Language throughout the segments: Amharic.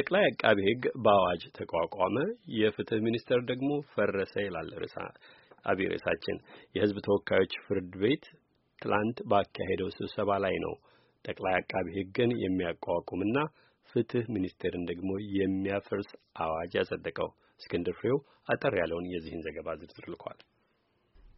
ጠቅላይ አቃቢ ሕግ በአዋጅ ተቋቋመ፣ የፍትህ ሚኒስቴር ደግሞ ፈረሰ ይላል ርዕሳ አብይ ርዕሳችን። የህዝብ ተወካዮች ፍርድ ቤት ትላንት ባካሄደው ስብሰባ ላይ ነው ጠቅላይ አቃቢ ሕግን የሚያቋቁምና ፍትህ ሚኒስቴርን ደግሞ የሚያፈርስ አዋጅ ያጸደቀው። እስክንድር ፍሬው አጠር ያለውን የዚህን ዘገባ ዝርዝር ልኳል።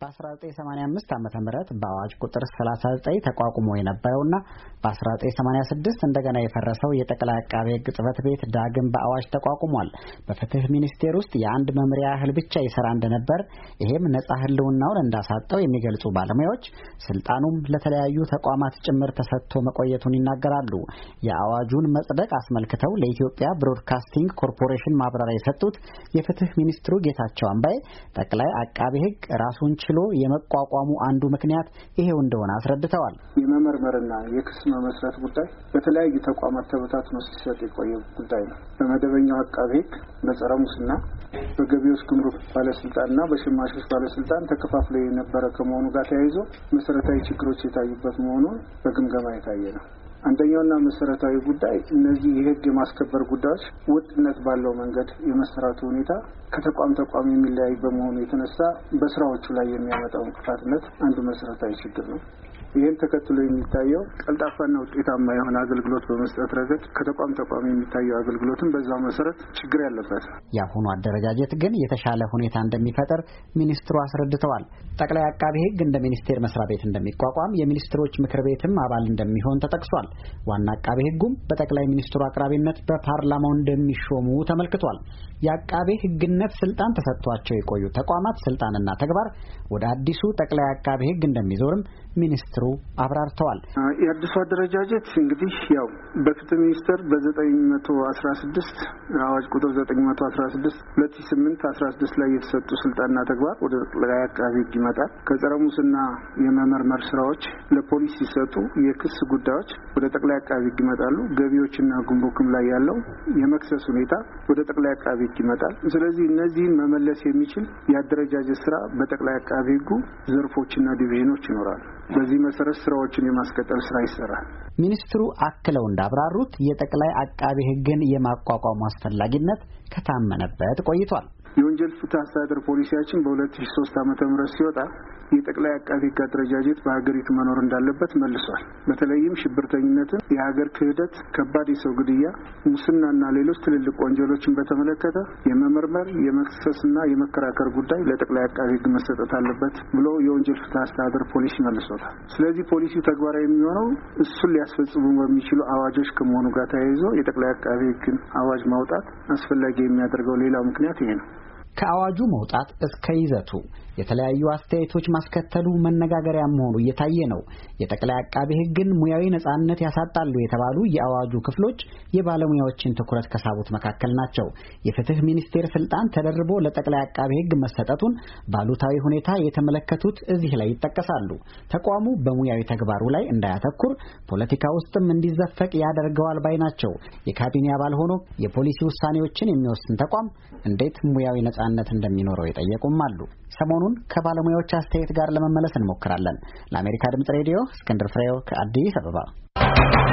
በ1985 ዓ ም በአዋጅ ቁጥር 39 ተቋቁሞ የነበረውና በ1986 እንደገና የፈረሰው የጠቅላይ አቃቤ ሕግ ጽሕፈት ቤት ዳግም በአዋጅ ተቋቁሟል። በፍትህ ሚኒስቴር ውስጥ የአንድ መምሪያ ያህል ብቻ ይሰራ እንደነበር፣ ይሄም ነጻ ህልውናውን እንዳሳጠው የሚገልጹ ባለሙያዎች ስልጣኑም ለተለያዩ ተቋማት ጭምር ተሰጥቶ መቆየቱን ይናገራሉ። የአዋጁን መጽደቅ አስመልክተው ለኢትዮጵያ ብሮድካስቲንግ ኮርፖሬሽን ማብራሪያ የሰጡት የፍትህ ሚኒስትሩ ጌታቸው አምባዬ ጠቅላይ አቃቤ ሕግ ራሱን ችሎ የመቋቋሙ አንዱ ምክንያት ይሄው እንደሆነ አስረድተዋል። የመመርመርና የክስ መመስረት ጉዳይ በተለያዩ ተቋማት ተበታትኖ ሲሰጥ የቆየ ጉዳይ ነው። በመደበኛው አቃቤ ሕግ፣ በጸረ ሙስና፣ በገቢዎች ጉምሩክ ባለስልጣንና በሸማቾች ባለስልጣን ተከፋፍሎ የነበረ ከመሆኑ ጋር ተያይዞ መሰረታዊ ችግሮች የታዩበት መሆኑን በግምገማ የታየ ነው። አንደኛውና መሰረታዊ ጉዳይ እነዚህ የህግ የማስከበር ጉዳዮች ወጥነት ባለው መንገድ የመሰራቱ ሁኔታ ከተቋም ተቋም የሚለያይ በመሆኑ የተነሳ በስራዎቹ ላይ የሚያመጣው እንቅፋትነት አንዱ መሰረታዊ ችግር ነው። ይህም ተከትሎ የሚታየው ቀልጣፋና ውጤታማ የሆነ አገልግሎት በመስጠት ረገድ ከተቋም ተቋም የሚታየው አገልግሎትም በዛው መሰረት ችግር ያለበት። የአሁኑ አደረጃጀት ግን የተሻለ ሁኔታ እንደሚፈጠር ሚኒስትሩ አስረድተዋል። ጠቅላይ አቃቤ ህግ እንደ ሚኒስቴር መስሪያ ቤት እንደሚቋቋም፣ የሚኒስትሮች ምክር ቤትም አባል እንደሚሆን ተጠቅሷል። ተገልጿል። ዋና አቃቤ ሕጉም በጠቅላይ ሚኒስትሩ አቅራቢነት በፓርላማው እንደሚሾሙ ተመልክቷል። የአቃቤ ሕግነት ስልጣን ተሰጥቷቸው የቆዩ ተቋማት ስልጣንና ተግባር ወደ አዲሱ ጠቅላይ አቃቤ ሕግ እንደሚዞርም ሚኒስትሩ አብራርተዋል። የአዲሱ አደረጃጀት እንግዲህ ያው በፍትህ ሚኒስቴር በዘጠኝ መቶ አስራ ስድስት አዋጅ ቁጥር ዘጠኝ መቶ አስራ ስድስት ሁለት ሺ ስምንት አስራ ስድስት ላይ የተሰጡ ስልጣንና ተግባር ወደ ጠቅላይ አቃቤ ሕግ ይመጣል። ከጸረ ሙስና የመመርመር ስራዎች ለፖሊስ ሲሰጡ፣ የክስ ጉዳዮች ወደ ጠቅላይ አቃቢ ህግ ይመጣሉ። ገቢዎችና ጉምሩክም ላይ ያለው የመክሰስ ሁኔታ ወደ ጠቅላይ አቃቢ ህግ ይመጣል። ስለዚህ እነዚህን መመለስ የሚችል የአደረጃጀት ስራ በጠቅላይ አቃቢ ህጉ ዘርፎችና ዲቪዥኖች ይኖራሉ። በዚህ መሰረት ስራዎችን የማስቀጠል ስራ ይሰራል። ሚኒስትሩ አክለው እንዳብራሩት የጠቅላይ አቃቢ ህግን የማቋቋሙ አስፈላጊነት ከታመነበት ቆይቷል። የወንጀል ፍትህ አስተዳደር ፖሊሲያችን በ2003 ዓ.ም ሲወጣ የጠቅላይ አቃቢ ህግ አደረጃጀት በሀገሪቱ መኖር እንዳለበት መልሷል። በተለይም ሽብርተኝነትን፣ የሀገር ክህደት፣ ከባድ የሰው ግድያ፣ ሙስናና ሌሎች ትልልቅ ወንጀሎችን በተመለከተ የመመርመር የመክሰስና የመከራከር ጉዳይ ለጠቅላይ አቃቢ ህግ መሰጠት አለበት ብሎ የወንጀል ፍትህ አስተዳደር ፖሊሲ መልሶታል። ስለዚህ ፖሊሲው ተግባራዊ የሚሆነው እሱን ሊያስፈጽሙ በሚችሉ አዋጆች ከመሆኑ ጋር ተያይዞ የጠቅላይ አቃቢ ህግን አዋጅ ማውጣት አስፈላጊ የሚያደርገው ሌላው ምክንያት ይሄ ነው። ከአዋጁ መውጣት እስከ ይዘቱ የተለያዩ አስተያየቶች ማስከተሉ መነጋገሪያ መሆኑ እየታየ ነው። የጠቅላይ አቃቤ ሕግን ሙያዊ ነጻነት ያሳጣሉ የተባሉ የአዋጁ ክፍሎች የባለሙያዎችን ትኩረት ከሳቡት መካከል ናቸው። የፍትህ ሚኒስቴር ስልጣን ተደርቦ ለጠቅላይ አቃቤ ሕግ መሰጠቱን ባሉታዊ ሁኔታ የተመለከቱት እዚህ ላይ ይጠቀሳሉ። ተቋሙ በሙያዊ ተግባሩ ላይ እንዳያተኩር ፖለቲካ ውስጥም እንዲዘፈቅ ያደርገዋል ባይ ናቸው። የካቢኔ አባል ሆኖ የፖሊሲ ውሳኔዎችን የሚወስን ተቋም እንዴት ሙያዊ ነጻ ነፃነት እንደሚኖረው የጠየቁም አሉ። ሰሞኑን ከባለሙያዎች አስተያየት ጋር ለመመለስ እንሞክራለን። ለአሜሪካ ድምጽ ሬዲዮ እስክንድር ፍሬው ከአዲስ አበባ